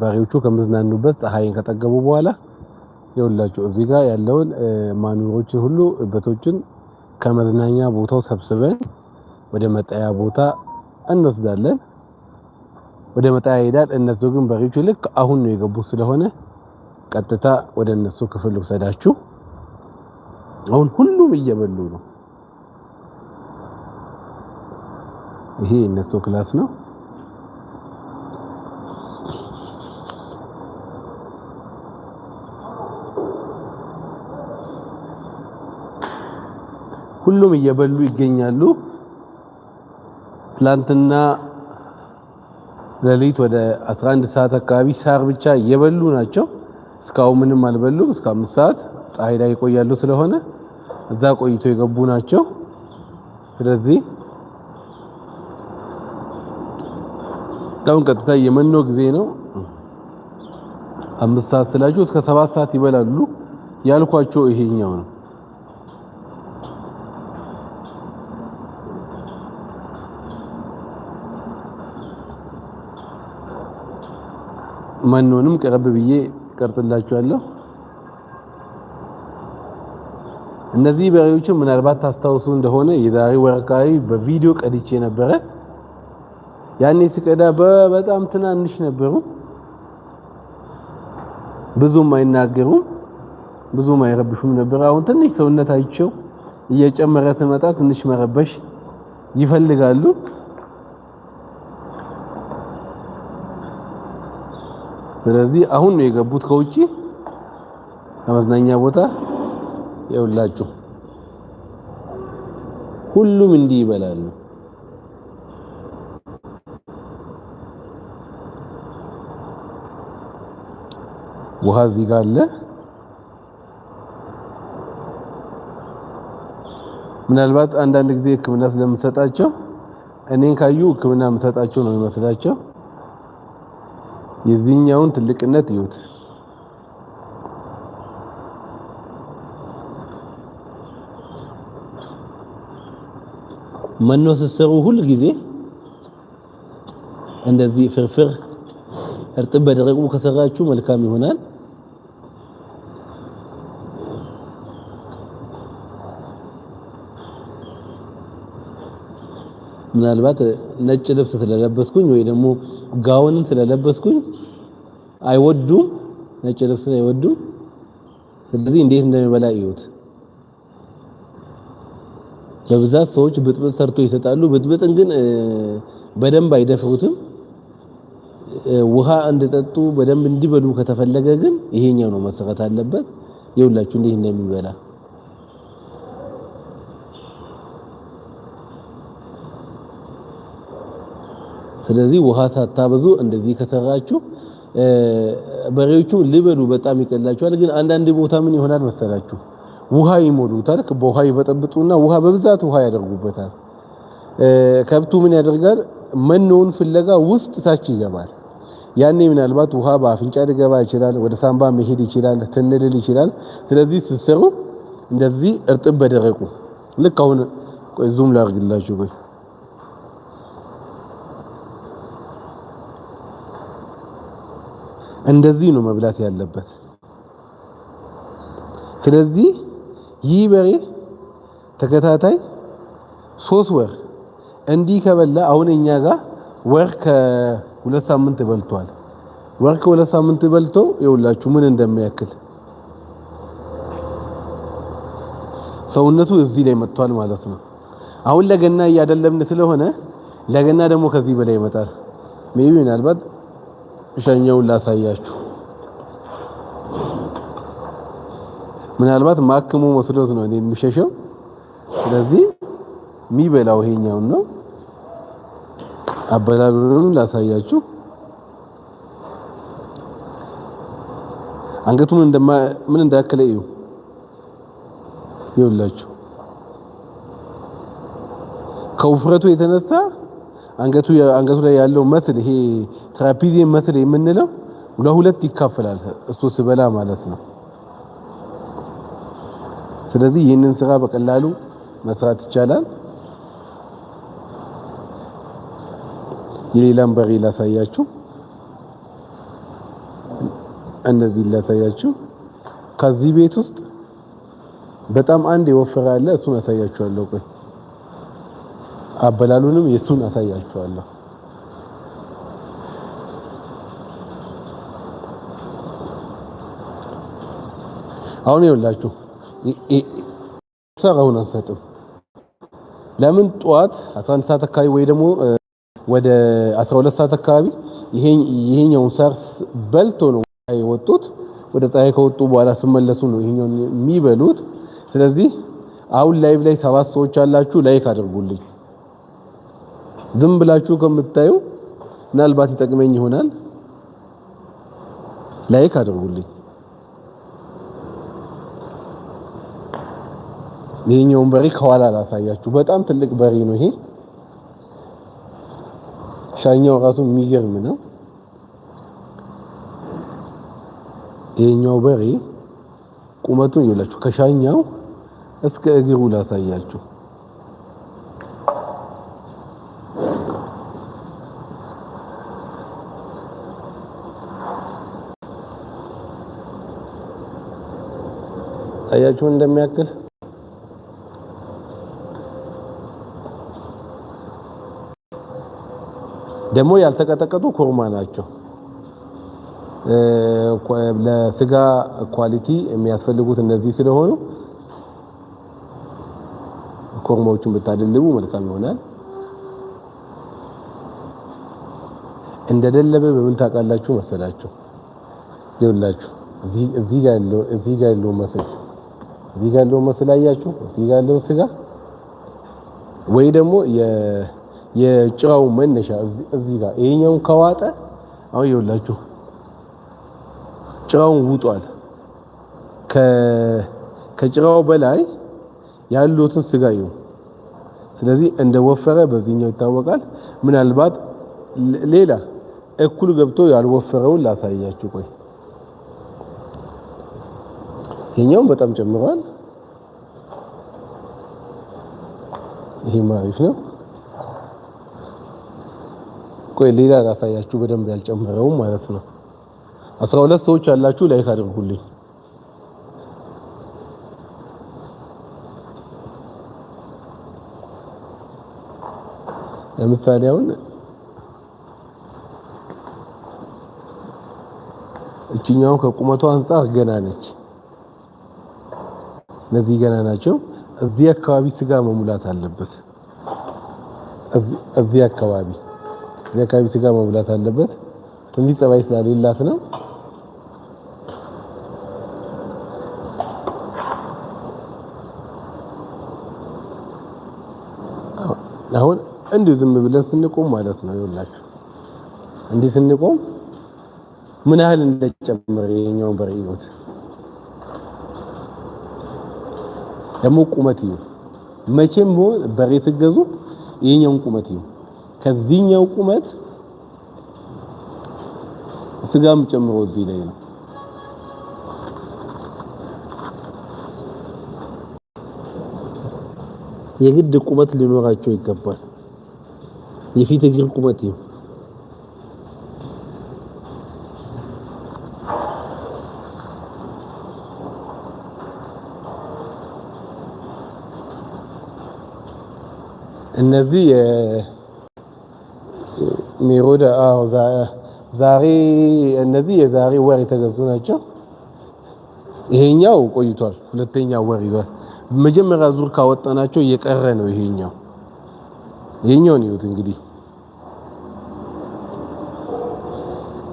በሬዎቹ ከመዝናኑበት ፀሐይን ከጠገቡ በኋላ ይኸውላችሁ እዚህ ጋር ያለውን ማኑሮችን ሁሉ እበቶችን ከመዝናኛ ቦታው ሰብስበን ወደ መጣያ ቦታ እንወስዳለን። ወደ መጣያ ይሄዳል። እነሱ ግን በሬዎቹ ልክ አሁን ነው የገቡት ስለሆነ ቀጥታ ወደ እነሱ ክፍል ውሰዳችሁ። አሁን ሁሉም እየበሉ ነው። ይሄ እነሱ ክላስ ነው። ሁሉም እየበሉ ይገኛሉ። ትላንትና ሌሊት ወደ 11 ሰዓት አካባቢ ሳር ብቻ እየበሉ ናቸው። እስካሁን ምንም አልበሉም። እስከ አምስት ሰዓት ፀሐይ ላይ ይቆያሉ ስለሆነ እዛ ቆይቶ የገቡ ናቸው። ስለዚህ አሁን ቀጥታ የመኖ ጊዜ ነው። አምስት ሰዓት ስላችሁ እስከ ሰባት ሰዓት ይበላሉ ያልኳቸው ይሄኛው ነው። ማንንም ቀረብ ብዬ ቀርጥላችኋለሁ። እነዚህ በሬዎችን ምናልባት ታስታውሱ እንደሆነ የዛሬ ወር አካባቢ በቪዲዮ ቀድቼ ነበረ። ያኔ ስቀዳ በጣም ትናንሽ ነበሩ፣ ብዙም አይናገሩም፣ ብዙም አይረብሹም ነበር። አሁን ትንሽ ሰውነታቸው እየጨመረ ስመጣ ትንሽ መረበሽ ይፈልጋሉ። ስለዚህ አሁን ነው የገቡት ከውጪ ከመዝናኛ ቦታ የውላችሁ ሁሉም እንዲህ ይበላሉ። ውሃ እዚህ ጋር አለ። ምናልባት አንዳንድ ጊዜ ሕክምና ስለምሰጣቸው እኔን ካዩ ሕክምና የምሰጣቸው ነው የሚመስላቸው። የዚህኛውን ትልቅነት ይዩት። መኖ ስትሰሩ ሁል ጊዜ እንደዚህ ፍርፍር እርጥብ በደረቁ ከሰራችሁ መልካም ይሆናል። ምናልባት ነጭ ልብስ ስለለበስኩኝ ወይ ደግሞ ጋውን ስለለበስኩኝ አይወዱም፣ ነጭ ልብስን አይወዱም። ስለዚህ እንዴት እንደሚበላ እዩት። በብዛት ሰዎች ብጥብጥ ሰርቶ ይሰጣሉ። ብጥብጥን ግን በደንብ አይደፍሩትም። ውሃ እንደጠጡ በደንብ እንዲበሉ ከተፈለገ ግን ይሄኛው ነው መሰረት አለበት። ይኸውላችሁ እንዴት እንደሚበላ ስለዚህ ውሃ ሳታበዙ እንደዚህ ከሰራችሁ በሬዎቹ ሊበሉ በጣም ይቀላቸዋል። ግን አንዳንድ ቦታ ምን ይሆናል መሰላችሁ? ውሃ ይሞሉታል። በውሃ ይበጠብጡና ውሃ በብዛት ውሃ ያደርጉበታል። ከብቱ ምን ያደርጋል? መኖውን ፍለጋ ውስጥ ታች ይገባል። ያኔ ምናልባት ውሃ በአፍንጫ ሊገባ ይችላል። ወደ ሳምባ መሄድ ይችላል። ትንልል ይችላል። ስለዚህ ስትሰሩ እንደዚህ እርጥብ በደረቁ ልክ አሁን ዙም ላርግላችሁ እንደዚህ ነው መብላት ያለበት። ስለዚህ ይህ በሬ ተከታታይ ሶስት ወር እንዲህ ከበላ አሁን እኛ ጋር ወር ከሁለት ሳምንት በልቷል። ወር ከሁለት ሳምንት በልቶ የውላችሁ ምን እንደሚያክል ሰውነቱ እዚህ ላይ መጥቷል ማለት ነው። አሁን ለገና እያደለምን ስለሆነ ለገና ደግሞ ከዚህ በላይ ይመጣል ሜቢ ምናልባት ሻኛውን ላሳያችሁ። ምናልባት ማክሙ መስሎት ነው እኔ የሚሸሸው። ስለዚህ የሚበላው ይሄኛውን ነው። አበላሉንም ላሳያችሁ። አንገቱ ምን እንደማ ምን እንዳከለ እዩ። ይኸውላችሁ ከውፍረቱ የተነሳ አንገቱ አንገቱ ላይ ያለው መስል ይሄ ትራፒዚየም መስል የምንለው ለሁለት ይካፈላል። እሱ ስበላ ማለት ነው። ስለዚህ ይህንን ስራ በቀላሉ መስራት ይቻላል። የሌላም በሬ ላሳያችሁ፣ እነዚህ ላሳያችሁ። ከዚህ ቤት ውስጥ በጣም አንድ የወፈረ አለ። እሱን አሳያችኋለሁ። ቆይ አበላሉንም የእሱን አሳያችኋለሁ። አሁን ይኸውላችሁ አሁን አንሰጥም። ለምን ጠዋት 11 ሰዓት አካባቢ ወይ ደግሞ ወደ 12 ሰዓት አካባቢ ይሄኛውን ሳርስ በልቶ ነው የወጡት። ወደ ፀሐይ ከወጡ በኋላ ስመለሱ ነው ይሄኛውን የሚበሉት። ስለዚህ አሁን ላይቭ ላይ ሰባት ሰዎች አላችሁ፣ ላይክ አድርጉልኝ። ዝም ብላችሁ ከምታዩ ምናልባት ይጠቅመኝ ይሆናል። ላይክ አድርጉልኝ። ይሄኛውን በሬ ከኋላ ላሳያችሁ። በጣም ትልቅ በሬ ነው ይሄ። ሻኛው ራሱ የሚገርም ነው። ይሄኛው በሬ ቁመቱን ይላችሁ ከሻኛው እስከ እግሩ ላሳያችሁ። አያችሁ እንደሚያክል ደግሞ ያልተቀጠቀጡ ኮርማ ናቸው። ለስጋ ኳሊቲ የሚያስፈልጉት እነዚህ ስለሆኑ ኮርማዎቹን ብታደልቡ መልካም ይሆናል። እንደደለበ በምን ታውቃላችሁ መሰላችሁ? ይኸውላችሁ እዚህ ጋር ያለው እዚህ ጋር ያለው መስል እዚህ ጋር ያለው መስል አያችሁ? እዚህ ጋር ያለው ስጋ ወይ ደግሞ የጭራው መነሻ እዚህ ጋር ይሄኛውን ከዋጠ አሁን ይኸውላችሁ ጭራውን ውጧል። ከጭራው በላይ ያሉትን ስጋ ይሁን። ስለዚህ እንደወፈረ በዚህኛው ይታወቃል። ምናልባት ሌላ እኩል ገብቶ ያልወፈረውን ላሳያችሁ። ቆይ ይሄኛው በጣም ጨምሯል። ይሄ አሪፍ ነው። ቆይ ሌላ ላሳያችሁ በደንብ ያልጨመረው ማለት ነው። አስራ ሁለት ሰዎች ያላችሁ ላይክ አድርጉልኝ። ለምሳሌ አሁን እችኛው ከቁመቱ አንጻር ገና ነች። እነዚህ ገና ናቸው። እዚህ አካባቢ ስጋ መሙላት አለበት። እዚህ አካባቢ የአካባቢ ስጋ መብላት አለበት። ትንሽ ጸባይ ስለሌላት ነው። አሁን እንዲሁ ዝም ብለን ስንቆም ማለት ነው ይኸውላችሁ፣ እንዲህ ስንቆም ምን ያህል እንደጨመረ የኛው በሬ ይወት ደግሞ ቁመት ነው። መቼም በሬ ስገዙ የኛውን ቁመት ነው ከዚህኛው ቁመት ስጋም ጨምሮ እዚህ ላይ ነው። የግድ ቁመት ሊኖራቸው ይገባል። የፊት እግር ቁመት ይሁን እነዚህ ሚሮዳ ዛሬ እነዚህ የዛሬ ወር የተገዙ ናቸው። ይሄኛው ቆይቷል፣ ሁለተኛ ወር ይዟል። መጀመሪያ ዙር ካወጣናቸው እየቀረ ነው። ይሄኛው ይሄኛውን ይሁት እንግዲህ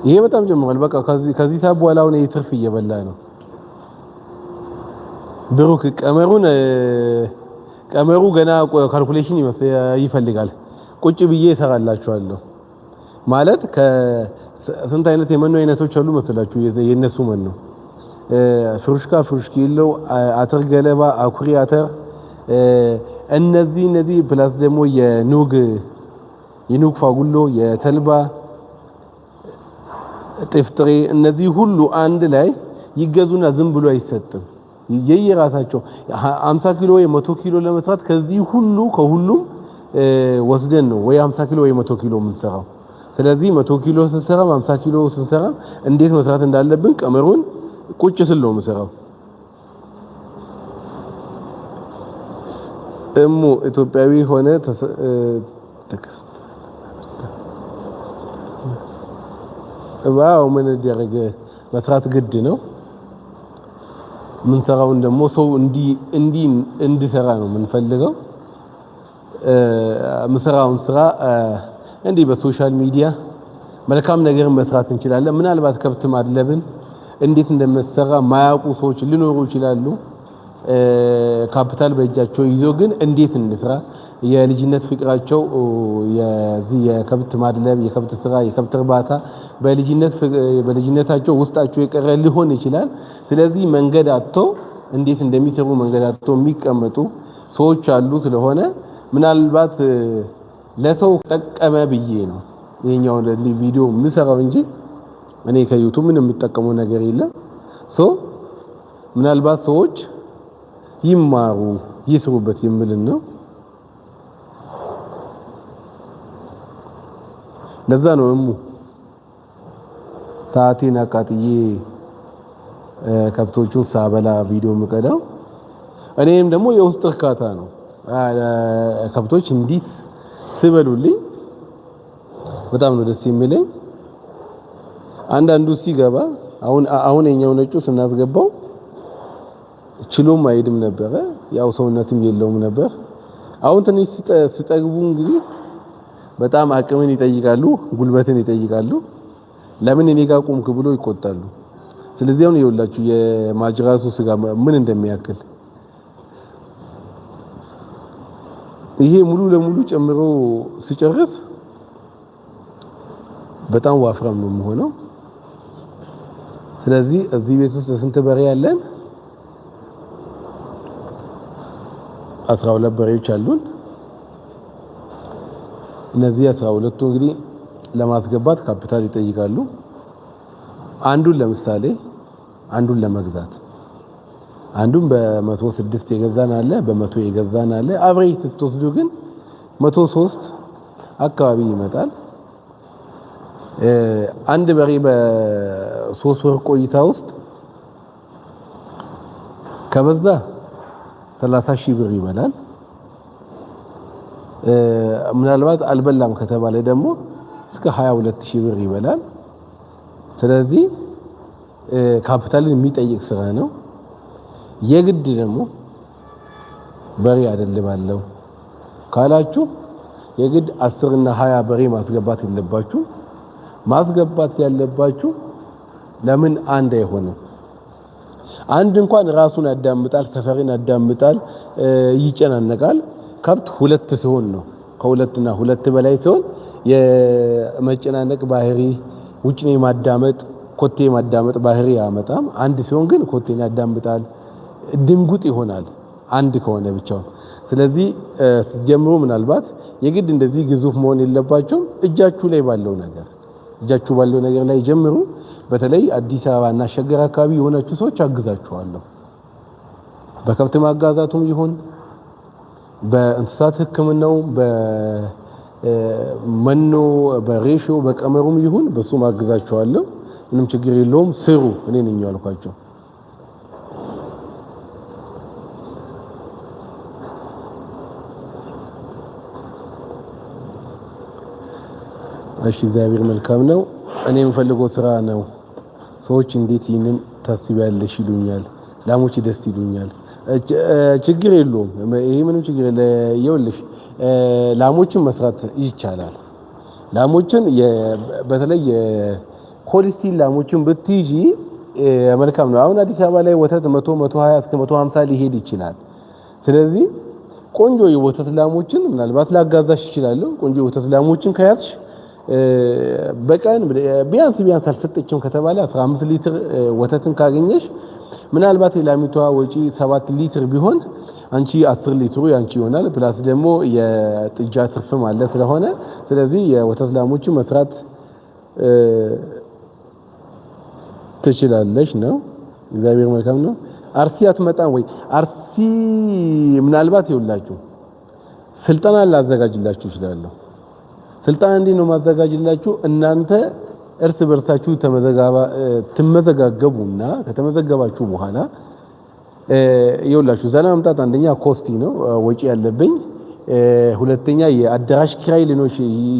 ይሄ በጣም ጀምሯል። በቃ ከዚህ ሰዓት በኋላ አሁን ትርፍ እየበላ ነው። ብሩክ ቀመሩን ቀመሩ ገና ካልኩሌሽን ይፈልጋል። ቁጭ ብዬ እሰራላችኋለሁ። ማለት ከስንት አይነት የመኖ አይነቶች አሉ መስላችሁ? የነሱ መኖ ፍሩሽካ፣ ፍሩሽኪ፣ የለው አተር ገለባ፣ አኩሪ አተር እነዚህ እነዚህ ፕላስ ደግሞ የኑግ የኑግ ፋጉሎ፣ የተልባ ጤፍ እነዚህ ሁሉ አንድ ላይ ይገዙና ዝም ብሎ አይሰጥም። የየራሳቸው 50 ኪሎ ወይ 100 ኪሎ ለመስራት ከዚህ ሁሉ ከሁሉም ወስደን ነው ወይ 50 ኪሎ ወይ 100 ኪሎ የምንሰራው። ስለዚህ መቶ ኪሎ ስንሰራ ሃምሳ ኪሎ ስንሰራ እንዴት መስራት እንዳለብን ቀመሩን ቁጭ ስል ነው የምሰራው። እሙ ኢትዮጵያዊ ሆነ ዋው ምን ያደረገ መስራት ግድ ነው። የምንሰራውን ደግሞ ሰው እንዲ እንዲ እንዲሰራ ነው የምንፈልገው የምሰራውን ስራ እንዲህ በሶሻል ሚዲያ መልካም ነገር መስራት እንችላለን። ምናልባት ከብት ማድለብን እንዴት እንደመሰራ ማያውቁ ሰዎች ሊኖሩ ይችላሉ። ካፒታል በእጃቸው ይዞ ግን እንዴት እንስራ የልጅነት ፍቅራቸው የዚህ የከብት ማድለብ፣ የከብት ስራ፣ የከብት እርባታ በልጅነት በልጅነታቸው ውስጣቸው የቀረ ሊሆን ይችላል። ስለዚህ መንገድ አጥቶ እንዴት እንደሚሰሩ መንገድ አጥቶ የሚቀመጡ ሰዎች አሉ። ስለሆነ ምናልባት ለሰው ጠቀመ ብዬ ነው ይሄኛው ቪዲዮ የምሰራው እንጂ እኔ ከዩቱብ ምን የምጠቀመው ነገር የለም። ሶ ምናልባት ሰዎች ይማሩ ይስሩበት የምልን ነው። ለዛ ነው እሙ ሰዓቴን አቃጥዬ ከብቶቹን ሳበላ ቪዲዮ የምቀዳው። እኔም ደግሞ የውስጥ እርካታ ነው ከብቶች እንዲስ ስበሉልኝ በጣም ነው ደስ የሚለኝ። አንዳንዱ ሲገባ አሁን አሁን የኛው ነጩ ስናስገባው ችሎም አይሄድም ነበረ፣ ያው ሰውነትም የለውም ነበር። አሁን ትንሽ ስጠግቡ እንግዲህ በጣም አቅምን ይጠይቃሉ፣ ጉልበትን ይጠይቃሉ። ለምን እኔ ጋር ቆምክ ብሎ ይቆጣሉ። ስለዚህ አሁን ይኸውላችሁ የማጅራቱ ስጋ ምን እንደሚያክል ይሄ ሙሉ ለሙሉ ጨምሮ ሲጨርስ በጣም ዋፍራም ነው የሚሆነው። ስለዚህ እዚህ ቤት ውስጥ ስንት በሬ ያለን? አስራ ሁለት በሬዎች አሉን። እነዚህ አስራ ሁለቱ እንግዲህ ለማስገባት ካፒታል ይጠይቃሉ። አንዱን ለምሳሌ አንዱን ለመግዛት አንዱም በመቶ ስድስት የገዛን አለ፣ በመቶ የገዛን አለ። አብሬጅ ስትወስዱ ግን መቶ ሶስት አካባቢ ይመጣል። አንድ በሬ በሶስት ወር ቆይታ ውስጥ ከበዛ 30 ሺህ ብር ይበላል። ምናልባት አልበላም ከተባለ ደግሞ እስከ 22 ሺህ ብር ይበላል። ስለዚህ ካፒታልን የሚጠይቅ ስራ ነው። የግድ ደግሞ በሬ አደልባለሁ ካላችሁ የግድ አስርና ሀያ በሬ ማስገባት የለባችሁ። ማስገባት ያለባችሁ ለምን አንድ አይሆንም? አንድ እንኳን ራሱን ያዳምጣል፣ ሰፈርን ያዳምጣል፣ ይጨናነቃል። ከብት ሁለት ሲሆን ነው። ከሁለትና ሁለት በላይ ሲሆን የመጨናነቅ ባህሪ ነው ማዳመጥ ኮቴ ማዳመጥ ባህሪ አያመጣም። አንድ ሲሆን ግን ኮቴን ያዳምጣል። ድንጉጥ ይሆናል አንድ ከሆነ ብቻውን። ስለዚህ ስትጀምሩ ምናልባት የግድ እንደዚህ ግዙፍ መሆን የለባቸውም። እጃችሁ ላይ ባለው ነገር እጃችሁ ባለው ነገር ላይ ጀምሩ። በተለይ አዲስ አበባ እና ሸገር አካባቢ የሆናችሁ ሰዎች አግዛችኋለሁ። በከብት ማጋዛቱም ይሁን በእንስሳት ሕክምናው በመኖ በሬሾ በቀመሩም ይሁን በሱም አግዛችኋለሁ። ምንም ችግር የለውም። ስሩ። እኔ ነኝ ያልኳቸው። እሺ እግዚአብሔር መልካም ነው። እኔ የምፈልገው ስራ ነው። ሰዎች እንዴት ይህንን ታስቢያለሽ ይሉኛል። ላሞች ደስ ይሉኛል። ችግር የለውም። ይሄ ምንም ችግር የለውልሽ። ላሞችን መስራት ይቻላል። ላሞችን በተለይ የሆሊስቲን ላሞችን ብትይዥ መልካም ነው። አሁን አዲስ አበባ ላይ ወተት 100 120 እስከ 150 ሊሄድ ይችላል። ስለዚህ ቆንጆ የወተት ላሞችን ምናልባት ላጋዛሽ ይችላለሁ። ቆንጆ የወተት ላሞችን ከያዝሽ በቀን ቢያንስ ቢያንስ አልሰጠችም ከተባለ 15 ሊትር ወተትን ካገኘሽ ምናልባት የላሚቷ ወጪ 7 ሊትር ቢሆን አንቺ 10 ሊትሩ ያንቺ ይሆናል። ፕላስ ደግሞ የጥጃ ትርፍም አለ ስለሆነ ስለዚህ የወተት ላሞቹ መስራት ትችላለች ነው። እግዚአብሔር መልካም ነው። አርሲ አትመጣም ወይ? አርሲ ምናልባት ይውላችሁ ስልጠና ላዘጋጅላችሁ ይችላለሁ ስልጣን እንዲህ ነው ማዘጋጅላችሁ እናንተ እርስ በርሳችሁ ትመዘጋገቡና ከተመዘገባችሁ በኋላ ይኸውላችሁ ዘና መምጣት አንደኛ ኮስቲ ነው ወጪ ያለብኝ። ሁለተኛ የአዳራሽ ኪራይ ሊኖች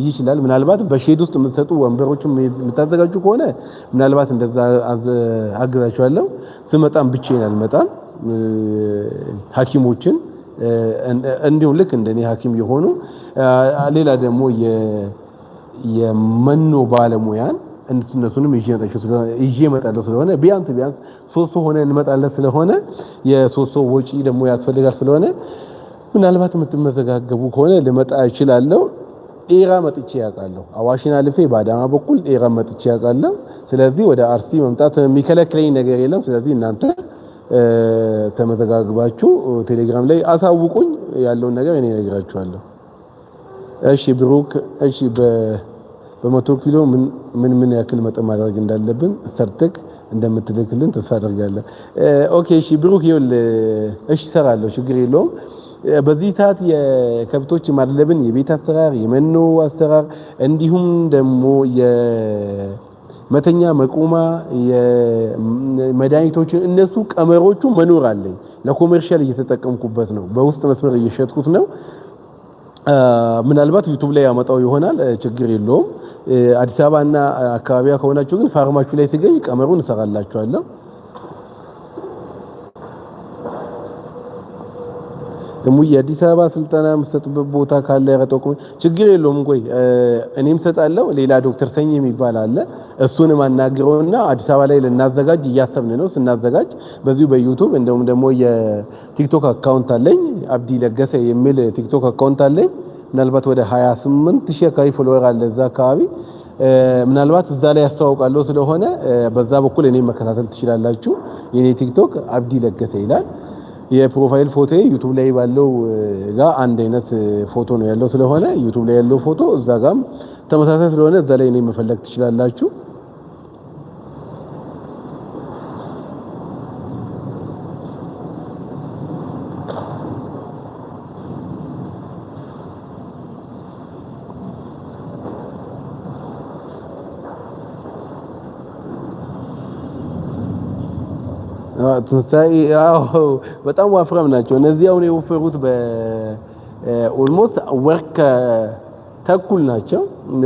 ይችላል። ምናልባት በሼድ ውስጥ የምትሰጡ ወንበሮች የምታዘጋጁ ከሆነ ምናልባት እንደዛ አግዛችኋለሁ። ስመጣም ብቻዬን አልመጣም። ሐኪሞችን እንዲሁም ልክ እንደኔ ሐኪም የሆኑ ሌላ ደግሞ የመኖ ባለሙያን እነሱንም ይዤ እመጣለሁ ስለሆነ ቢያንስ ቢያንስ ሶስት ሆነ እንመጣለን ስለሆነ የሶስት ሰው ወጪ ደግሞ ያስፈልጋል ስለሆነ ምናልባት የምትመዘጋገቡ ከሆነ ልመጣ እችላለሁ። ኤራ መጥቼ ያውቃለሁ። አዋሽን አልፌ በአዳማ በኩል ኤራ መጥቼ ያውቃለሁ። ስለዚህ ወደ አርሲ መምጣት የሚከለክለኝ ነገር የለም። ስለዚህ እናንተ ተመዘጋግባችሁ ቴሌግራም ላይ አሳውቁኝ። ያለውን ነገር እኔ እነግራችኋለሁ። እሺ ብሩክ፣ እሺ በመቶ ኪሎ ምን ምን ያክል መጠን ማድረግ እንዳለብን ሰርተክ እንደምትልክልን ተስፋ አደርጋለሁ። ኦኬ፣ እሺ ብሩክ ይኸውልህ፣ እሺ እሰራለሁ፣ ችግር የለውም። በዚህ ሰዓት የከብቶች ማድለብን፣ የቤት አሰራር፣ የመኖ አሰራር እንዲሁም ደግሞ የመተኛ መቁማ፣ የመድኃኒቶችን እነሱ ቀመሮቹ መኖር አለኝ። ለኮሜርሻል እየተጠቀምኩበት ነው። በውስጥ መስመር እየሸጥኩት ነው። ምናልባት ዩቱብ ላይ ያመጣው ይሆናል፣ ችግር የለውም። አዲስ አበባና አካባቢያ ከሆናችሁ ግን ፋርማችሁ ላይ ሲገኝ ቀመሩን እሰራላችኋለሁ። እሙዬ አዲስ አበባ ስልጠና የምሰጥበት ቦታ ካለ ያረጠቁ ችግር የለውም። ቆይ እኔም ሰጣለው። ሌላ ዶክተር ሰኝ የሚባል አለ። እሱንም አናግረውና አዲስ አበባ ላይ ልናዘጋጅ እያሰብን ነው። ስናዘጋጅ በዚሁ በዩቱብ እንደውም ደግሞ የቲክቶክ አካውንት አለኝ። አብዲ ለገሰ የሚል ቲክቶክ አካውንት አለኝ። ምናልባት ወደ 28 ሺህ አካባቢ ፎሎወር አለ እዛ አካባቢ ምናልባት እዛ ላይ ያስተዋውቃለሁ። ስለሆነ በዛ በኩል እኔ መከታተል ትችላላችሁ። የኔ ቲክቶክ አብዲ ለገሰ ይላል። የፕሮፋይል ፎቶ ዩቱብ ላይ ባለው ጋር አንድ አይነት ፎቶ ነው ያለው። ስለሆነ ዩቱብ ላይ ያለው ፎቶ እዛ ጋም ተመሳሳይ ስለሆነ እዛ ላይ እኔ መፈለግ ትችላላችሁ። ትንሳኤ አዎ፣ በጣም ዋፍራም ናቸው እነዚህ። አሁን የወፈሩት በኦልሞስት ወር ተኩል ናቸው።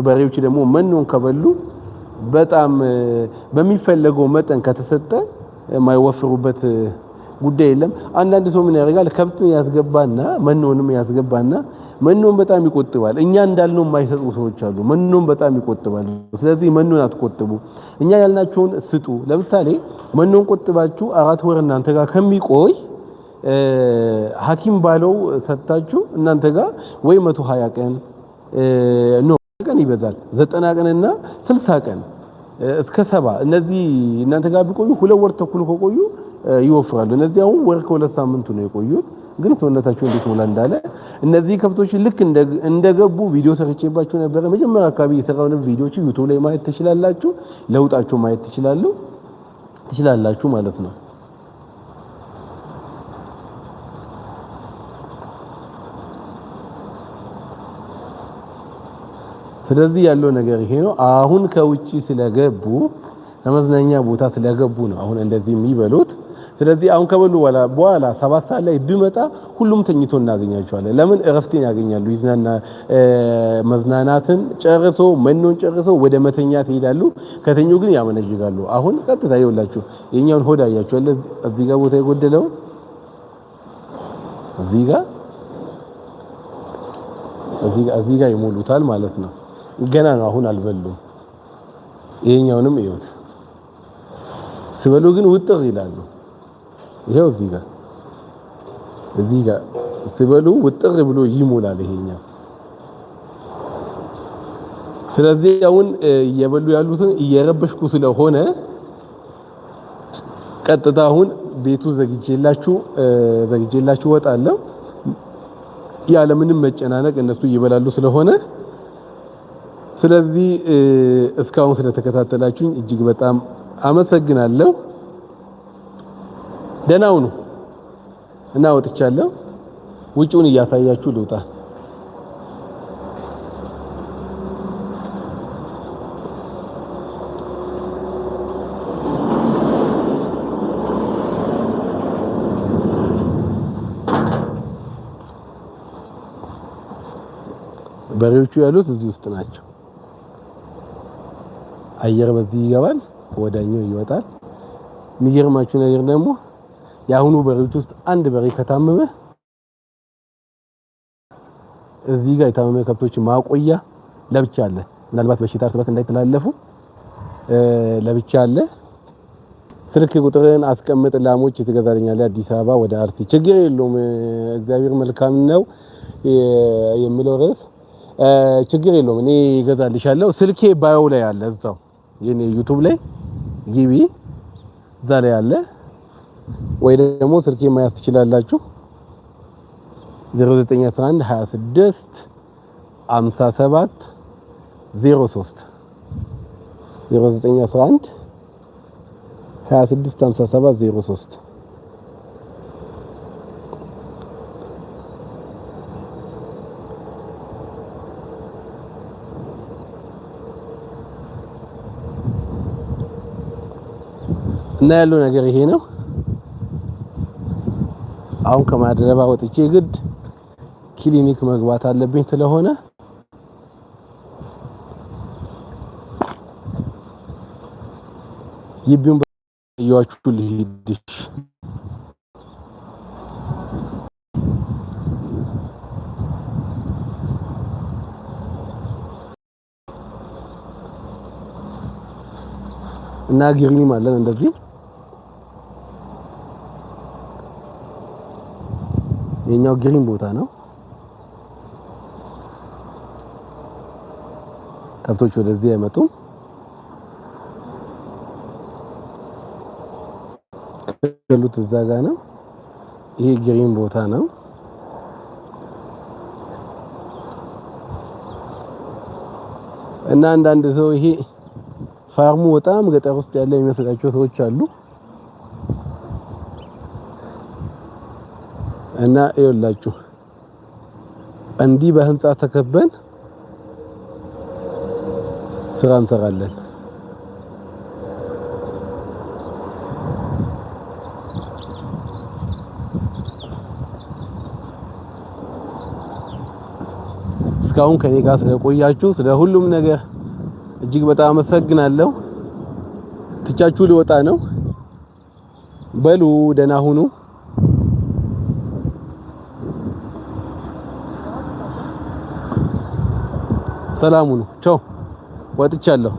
በሬዎች ደግሞ መኖን ከበሉ በጣም በሚፈለገው መጠን ከተሰጠ የማይወፍሩበት ጉዳይ የለም። አንዳንድ ሰው ምን ያደርጋል? ከብትን ያስገባና መኖንም ያስገባና መኖን በጣም ይቆጥባል። እኛ እንዳልነው የማይሰጡ ሰዎች አሉ። መኖን በጣም ይቆጥባል። ስለዚህ መኖን አትቆጥቡ፣ እኛ ያልናቸውን ስጡ። ለምሳሌ መኖን ቆጥባችሁ አራት ወር እናንተ ጋር ከሚቆይ ሐኪም ባለው ሰጥታችሁ እናንተ ጋር ወይ 120 ቀን ኖ ቀን ይበዛል ዘጠና ቀንና 60 ቀን እስከ ሰባ እነዚህ እናንተ ጋር ቢቆዩ ሁለት ወር ተኩል ከቆዩ ይወፍራሉ። እነዚህ አሁን ወር ከሁለት ሳምንቱ ነው የቆዩት። ግን ሰውነታቸው እንዴት ሞላ እንዳለ እነዚህ ከብቶች ልክ እንደገቡ ቪዲዮ ሰርቼባቸው ነበረ። መጀመሪያ አካባቢ የሰራውን ቪዲዮዎች ዩቱብ ላይ ማየት ትችላላችሁ። ለውጣቸው ማየት ትችላላችሁ ትችላላችሁ ማለት ነው። ስለዚህ ያለው ነገር ይሄ ነው። አሁን ከውጪ ስለገቡ ለመዝናኛ ቦታ ስለገቡ ነው አሁን እንደዚህ የሚበሉት። ስለዚህ አሁን ከበሉ በኋላ ሰባት ሰዓት ላይ ቢመጣ ሁሉም ተኝቶ እናገኛቸዋለን። ለምን እረፍትን ያገኛሉ፣ ይዝናና መዝናናትን ጨርሶ መኖን ጨርሶ ወደ መተኛ ትሄዳሉ ከተኙ ግን ያመነጅጋሉ። አሁን ቀጥታ ይውላችሁ የኛውን ሆድ አያችኋል። እዚህ ጋር ቦታ የጎደለው እዚህ ጋር እዚህ ጋር ይሞሉታል ማለት ነው። ገና ነው፣ አሁን አልበሉም። ይሄኛውንም እዩት። ሲበሉ ግን ውጥር ይላሉ። ይሄው እዚህ ጋር እዚህ ጋር ሲበሉ ውጥር ብሎ ይሞላል ይሄኛው። ስለዚህ አሁን እየበሉ ያሉትን እየረበሽኩ ስለሆነ ቀጥታ አሁን ቤቱ ዘግጄላችሁ ዘግጄላችሁ ወጣለሁ። ያለምንም መጨናነቅ እነሱ ይበላሉ ስለሆነ ስለዚህ እስካሁን ስለተከታተላችሁኝ እጅግ በጣም አመሰግናለሁ። ደህና ሁኑ እና ወጥቻለሁ። ውጪውን እያሳያችሁ ልውጣ። በሬዎቹ ያሉት እዚህ ውስጥ ናቸው። አየር በዚህ ይገባል፣ ወዳኛው ይወጣል። የሚገርማችሁ ነገር ደግሞ የአሁኑ በሬዎች ውስጥ አንድ በሬ ከታመመ እዚህ ጋር የታመመ ከብቶች ማቆያ ለብቻ አለ። ምናልባት በሽታ እርስ እንዳይተላለፉ ለብቻ አለ። ስልክ ቁጥርን አስቀምጥ፣ ላሞች ትገዛልኛለህ አዲስ አበባ ወደ አርሲ። ችግር የለውም እግዚአብሔር መልካም ነው የሚለው ርዕስ ችግር የለውም እኔ እገዛልሻለሁ። ስልኬ ባዮ ላይ አለ፣ እዛው የኔ ዩቲዩብ ላይ ግቢ፣ እዛ ላይ አለ። ወይ ደግሞ ስልኬ ማያዝ ትችላላችሁ 0911 26 57 03 0911 26 57 03 እና ያለው ነገር ይሄ ነው። አሁን ከማደረባ ወጥቼ ግድ ክሊኒክ መግባት አለብኝ ስለሆነ ይብዩን ያችሁ ልሂድሽ እና ግሪኒ ማለት እንደዚህ የኛው ግሪን ቦታ ነው። ከብቶች ወደዚህ አይመጡም። ያሉት እዛ ጋ ነው። ይሄ ግሪን ቦታ ነው። እና አንዳንድ ሰው ይሄ ፋርሙ በጣም ገጠር ውስጥ ያለ የሚመስላቸው ሰዎች አሉ። እና ይኸውላችሁ እንዲህ በህንጻ ተከበን ስራ እንሰራለን። እስካሁን ከኔ ጋር ስለቆያችሁ ስለ ሁሉም ነገር እጅግ በጣም አመሰግናለሁ። ትቻችሁ ልወጣ ነው። በሉ ደህና ሁኑ። ሰላሙ ነው። ቻው፣ ወጥቻለሁ።